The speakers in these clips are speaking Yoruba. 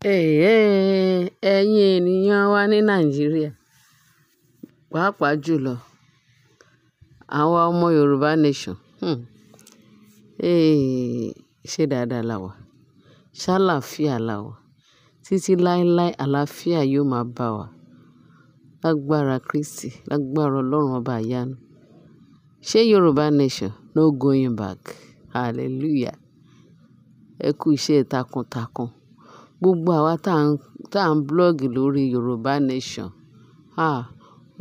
Ẹ̀hẹ́n, ẹ̀yin ènìyàn wa ní Nàìjíríà, pàápàá jùlọ àwa ọmọ Yorùbá nation. Hmm. Eéh, ṣe dáadáa la wà. Ṣá làáfíà la wà. Títí láéláé àlàáfíà yóò máa bá wa. Lágbára Kristi, lágbára Ọlọ́run ọba iyanu. Ṣé Yorùbá nation no going back. Hallelujah. Ẹ kú iṣẹ́ takuntakun. Gbogbo àwa tá ń, tá ń blog lórí Yorùbá Nation, ah!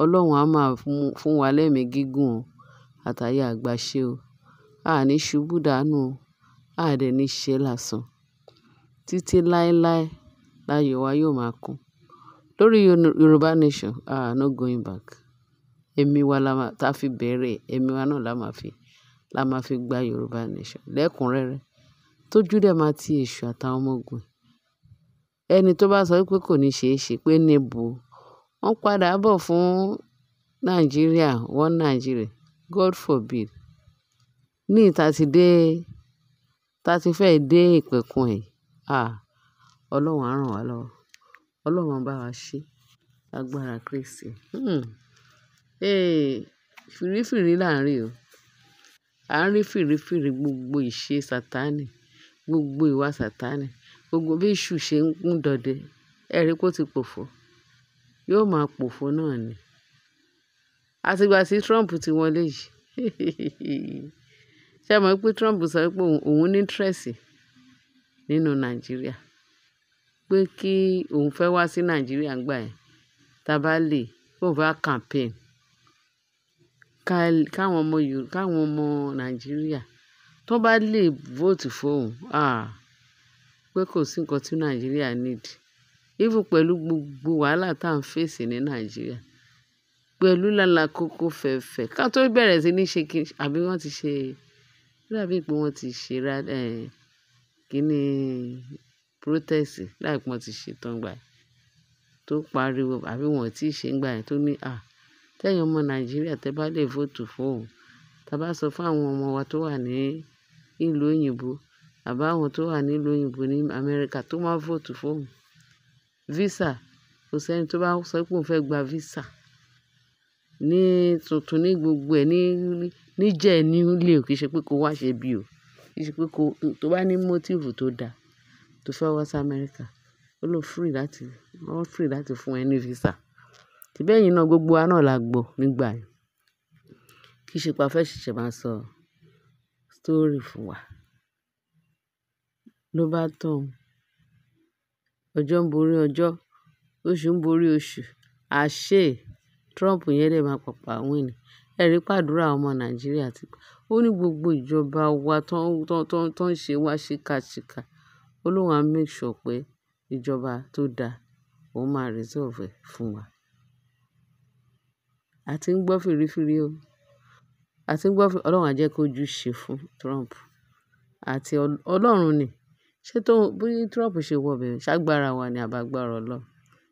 Ọlọ́run a máa fún wa lẹ́mi gígùn o, àtayé àgbàṣe o. A ní ṣubú dànù o, a dẹ̀ ní ṣe lásán. Títí láéláé láyọ̀ wa yóò máa kún. Lórí Yorùbá Nation, ah no going back. Ẹ̀mí wa la máa, ta fi bẹ̀rẹ̀, ẹ̀mí wa náà la máa fi, la máa fi gba Yorùbá Nation lẹ́kùnrẹ́rẹ́. Tójú dẹ̀ máa ti èṣù àtàwọn ọmọ ogun ẹni tó bá sọ wípé kò ní ṣeé ṣe pé níbo wọ́n padà bọ̀ fún Nàìjíríà wọ́n Nàìjíríà God forbid ní ìta ti dé ta ti fẹ́ dé ẹ̀ ah Ọlọ́run á ràn wá lọ́wọ́ Ọlọ́run á bá wa ṣe agbára Kristi hmm eh fìrífìrí là ń rí o à ń rí fìrífìrí gbogbo ìṣe Sátánì gbogbo ìwà Sátánì gbogbo bí iṣu ṣe ń gún dọdẹ ẹ rí i kó ti pòfo yóò máa pòfo náà ni àtìgbà tí Trump ti wọlé yìí ṣe mọ̀ pé Trump sọ pé òun ní interest nínú Nàìjíríà pé kí òun fẹ́ wá sí Nàìjíríà ńgbà yẹn tá a bá lè òun fẹ́ campaign káwọn ọmọ Nàìjíríà tó bá lè vote fóun. Ah pé kò sí nǹkan tí Nàìjíríà need. Even pẹ̀lú gbogbo wàhálà tá ń face ní Nàìjíríà, pẹ̀lú lálàkókò fẹ̀fẹ̀ ká tó bẹ̀rẹ̀ sí ní ṣe kí àbí wọ́n ti ṣe, ó dàbí pé wọ́n ti ṣe rá, eh, kíni protest dàbí pé wọ́n ti ṣe tán gbà yẹn tó pariwo àbí wọ́n ò tí ì ṣe nígbà yẹn tó ní, "à, tẹ́yin ọmọ Nàìjíríà tẹ bá lè vote fún òun." Tí a bá sọ fún àwọn ọmọ wa tó wà ní ìlú òyìnbó àbáwọn tó wà nílùú òyìnbó ní amẹ́ríkà tó máa vóòtù fóun visa kò sẹ́ni tó bá sọ pé òun fẹ́ gba visa ní tuntun ní gbogbo ẹ̀ ní níjẹ́ ní ilé ò kì í ṣe pé kó wá ṣe bí o kì í ṣe pé kó tó bá ní motive tó dáa tó fẹ́ wá sí amẹ́ríkà ó lóun free láti wọ́n free láti fún ẹ ní visa tìbẹ́yìn náà gbogbo wa náà la gbọ́ nígbà yẹn kì í ṣe pé fẹ́ ṣẹ̀ṣẹ̀ máa sọ story fún wa ló bá tàn ọ́n. Ọjọ́ ń borí ọjọ́, oṣù ń borí oṣù. Àṣé Trump yẹn dẹ̀ máa pàpà win ni. Ẹ rí pé àdúrà ọmọ Nàìjíríà ti gbà. Ó ní gbogbo ìjọba wa tó ń, tó ń, tó ń, ṣe wá ṣíkaṣíka. Ó lóun á make sure pé ìjọba tó da, òun máa resolve ẹ̀ fún wa. A ti ń gbọ́ fìrífìrí o. A ń gbọ́ fìrí, Ọlọ́run á jẹ́ kó jú ṣe fún Trump àti Ọlọ́run ni. Ṣé tó bí Trump ṣe wọ ṣágbára wa ni àbágbára Ọlọ́run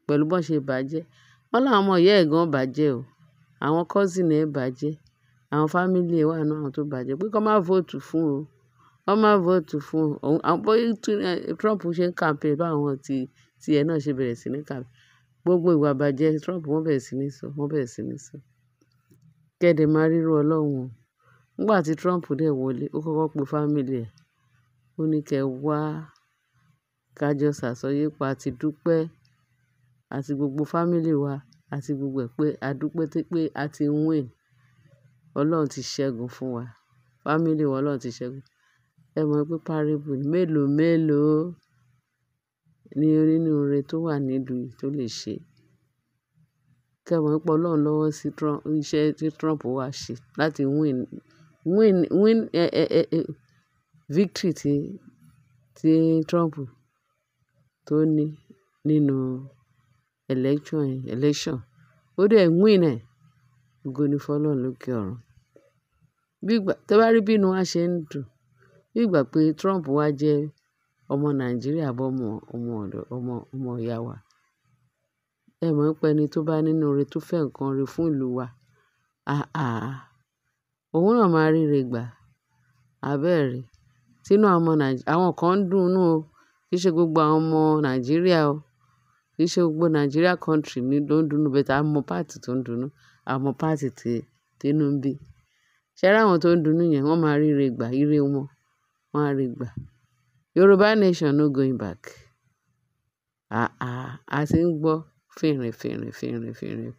pẹ̀lú bó ṣe bàjẹ́. Wọ́n láwọn ọmọ ìyá ẹ̀ gan bàjẹ́ o. Àwọn cousin ẹ̀ bàjẹ́. Àwọn family ẹ̀ wà nínú àwọn tó bàjẹ́ pé kó má vote fún o. Kó má vote fún o. Àwọn eh, Trump ṣe ń campaign bá àwọn tí, tí ẹ náà ṣe bẹ̀rẹ̀ sí ní campaign. Gbogbo ìwà bàjẹ́ Trump wọ́n bẹ̀rẹ̀ sí ní sọ, wọ́n bẹ̀rẹ̀ sí ní sọ. Kẹ́dẹ̀ máa ríru Ọlọ́run o. Nígbà tí Trump dẹ̀ wọlé, ó kọ́kọ́ pe family ẹ̀ Ó wa kẹ wá ká jọ ṣàsọyépọ̀ àti dúpẹ́ àti gbogbo fámílí wa àti gbogbo ẹ̀ pé a dúpẹ́ pé a ti win. Ọlọ́run ti ṣẹ́gun fún wa. Fámílí wa Ọlọ́run ti ṣẹ́gun. Ẹ mọ̀ pé parable mélòó mélòó ni onínúure tó wà nílùú yìí tó lè ṣe. Kẹ mọ̀ pé Ọlọ́run lọ́wọ́ sí Trump, iṣẹ́ tí Trump wá ṣe láti win, win, win, ẹ, ẹ, ẹ, ẹ victory tí, tí Trump tó ní nínú election election. Ó dẹ̀ win ẹ̀. Ògo ni fún Ọlọ́run lókè ọ̀run. Bí ìgbà, tí ẹ bá rí bí inú ṣe ń dùn, bí pé Trump wá jẹ́ ọmọ Nàìjíríà àbí ọmọ, ọmọ ọ̀dọ̀, ọmọ, ọmọ ìyá wa. Ẹ mọ̀ pé ẹni tó bá nínú ire tó fẹ́ nǹkan rere fún ìlú wa, àáà, òun náà máa ríre gbà. Àbẹ́ẹ̀rẹ́. Tínú àwọn ọmọ Nàìjí, àwọn kan ń dùnnú o. Kì í ṣe gbogbo àwọn ọmọ Nàìjíríà o. Kì í ṣe gbogbo Nigeria country ni ló ń dùnnú, but a mọ part tó ń dùnnú, a mọ part tí, tí inú ń bí. Ṣé rí àwọn tó ń dùnnú yẹn, wọ́n máa ríre gbà, ire wọn, wọ́n á rí gbà. Yoruba nation no going back. Àà, a ti ń gbọ́ fìnrin, fìnrin, fìnrin, fìnrin.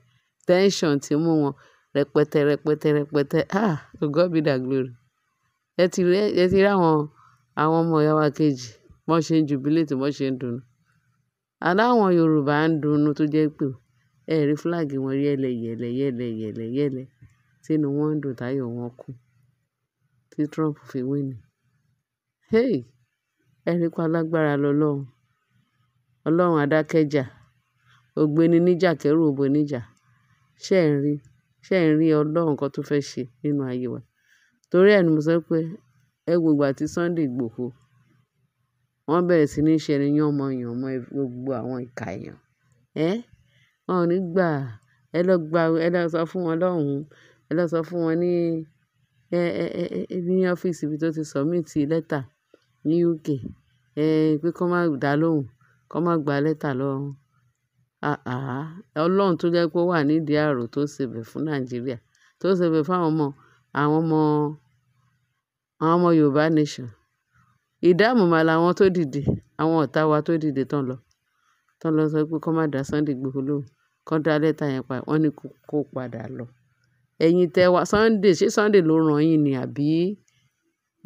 Tension ti mú wọn rẹpẹtẹ, rẹpẹtẹ, rẹpẹtẹ. Ah! To God be the glory. Ẹ ti rí, ẹ ti rí àwọn àwọn ọmọ ìyá wa kejì bọ́n ṣe ń jubilate bọ́n ṣe ń dunnú. Aláwọn Yorùbá ń dunnú tó jẹ́ pé ẹ rí flag wọn yẹ́lẹyẹ̀lẹ, yẹ́lẹyẹ̀lẹ, yẹ́lẹ. Tí inú wọn ń dùn táyọ̀ wọn kún. Tí Trump fi win. Hey! Ẹ rí pé alágbára lọlọ́run. Ọlọ́run adákẹ́jà. Ògbéni níjà kẹ́rù òbò níjà. Ṣé ẹ̀ ń rí? Ṣé ẹ̀ ń rí Ọlọ́run nǹkan tó fẹ́ ṣe nínú ayé wa? Torí ẹ ni mo sọ pé Ẹ wo ìgbà tí Sunday Igboho, wọ́n bẹ̀rẹ̀ sí ní ṣe ẹni yànmọ̀yànmọ̀ gbogbo àwọn ìka èèyàn. Ẹ́, wọ́n ò ní gbà. Ẹ lọ gba, ẹ lọ sọ fún wọn lọ́hùn. Ẹ lọ sọ fún wọn ní, ẹ, ẹ, ẹ, ní ọ́fíìsì ibi tó ti submit lẹ́tà ní UK. Ẹ, pé kí má dà lóhùn, kí má gba lẹ́tà lọ. Àáà, tó jẹ́ pé ó wà nídìí ààrò tó ṣèbẹ̀ fún Nàìjíríà, tó ṣèbẹ̀ fún àwọn ọmọ, àwọn ọmọ àwọn ọmọ yorùbá nation ìdáàmú mà làwọn tó dìde àwọn ọtá wa tó dìde tán lọ tán lọ sọ pé kó má dá sunday igbodò lóhùn kán dá lẹ́tà yẹn padà wọ́n ní kó padà lọ ẹ̀yin tẹ́ sunday ṣé sunday ló rán yín ni àbí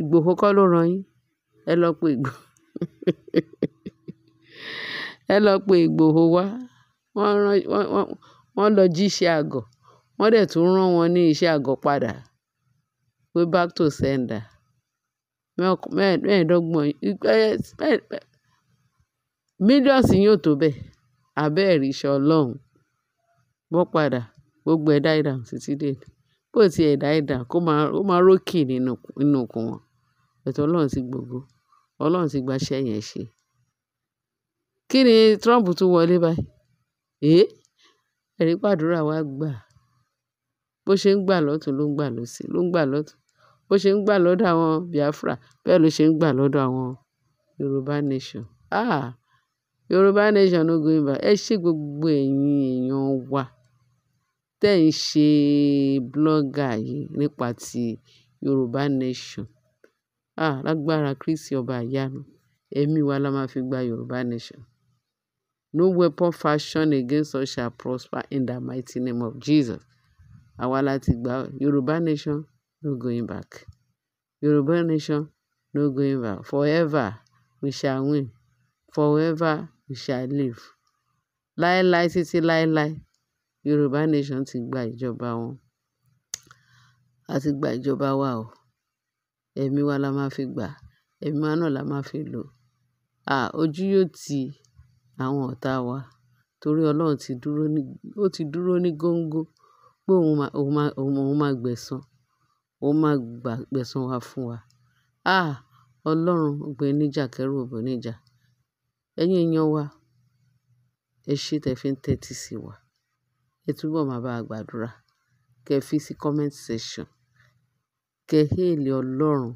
ìgbòho kọ́ ló rán yín ẹ lọ pe ìgbòho ẹ lọ pe ìgbòho wá wọ́n rán wọ́n wọ́n lọ jí àgọ̀ wọ́n dẹ̀ tún rán wọn ní iṣẹ́ àgọ̀ padà pé back to sender mẹ́ẹ̀ẹ́dọ́gbọ̀n mílíọ̀nsì yóò tó bẹ́ẹ̀ abẹ́ẹ̀rí iṣẹ́ ọlọ́run wọ́n padà gbogbo ẹ̀ die down títí dèní bó ti ẹ̀ die down kó máa rókì nínú ikùn wọn ẹ̀tọ́ ọlọ́run ti gbogbo ọlọ́run ti gbaṣẹ́ yẹn ṣe kí ni Trump tún wọlé báyìí èé ẹ̀rí pàdúrà wa gbà bó ṣe ń gbà lọ́tún ló ń gbà lọ́sì ló ń gbà lọ́tún bó ṣe ń gbà lọ́dọ̀ àwọn biafra bẹ́ẹ̀ ló ṣe ń gbà lọ́dọ̀ àwọn yorùbá nation Ah, yorùbá nation no going back ẹ ṣe gbogbo ẹ̀yin èèyàn wa tẹ́ ń ṣe blogger yìí nípa ti yorùbá nation Ah, lágbára kristi ọba ìyanu ẹ̀mí wa la máa fi gba yorùbá nation no weapon fashioned against us shall prosper in the mighty name of jesus àwa la ti yorùbá nation no going back. Yoruba nation, no going back. Forever we shall win. Forever we shall live. Láéláé lai láéláé, Yorùbá nation ti gba ìjọba wọn. A ti gba ìjọba wa o. Ẹ̀mí wa la máa fi gbà. Ẹ̀mí wa náà la máa fi lò. À ojú yóò ti àwọn ọ̀tá wa torí Ọlọ́run ti dúró ní, ó ti dúró ní góńgó pé òun máa, òun máa, òun máa gbẹ̀san ó máa gbà gbẹ̀san wa fún wa. Ah! Ọlọ́run ọba enijà kẹ́rù ọba enijà. Ẹ̀yin èèyàn wa, ẹ ṣé tí ẹ fi ń tẹ́tí sí wa. Ẹ túbọ̀ máa bá wa gbàdúrà. Kẹ fi sí comment section. Kẹ hail Ọlọ́run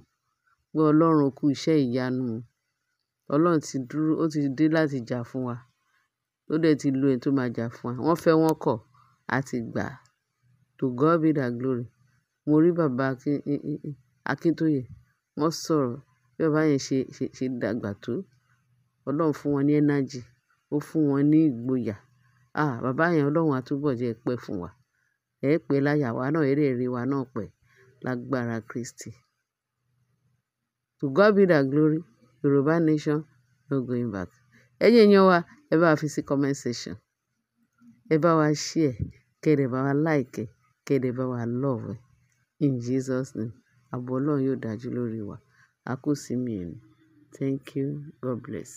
pé Ọlọ́run kú iṣẹ́ ìyanu. Ọlọ́run ti dúró, ó ti dé láti jà fún wa. Ó dẹ̀ ti lo ẹni tó máa jà fún wa. Wọ́n fẹ́ wọ́n kọ̀, a gbà. To God be the glory mo rí bàbá Akíntóyè, wọ́n sọ̀rọ̀ bí bàbá yẹn ṣe, ṣe, ṣe dàgbà tó. Ọlọ́run fún wọn ní energy, ó fún wọn ní ìgboyà. Ah! Bàbá yẹn Ọlọ́run á túbọ̀ jẹ́ ẹ pẹ́ fún wa. Ẹ pẹ́ láyà wa náà, ère ère wa náà pẹ́ lágbára Kristi. To God be the glory. Yorùbá nation, no going back. Ẹ̀yin èèyàn wa, ẹ bá wa fi sí comment section. Ẹ bá wa share, kí bá wa like, kí ẹ dẹ̀ bá wa love. In Jesus' name, ààbò Ọlọ́run yóò dájú lóríi wa. A kú sími ẹ̀mí. Thank you. God bless.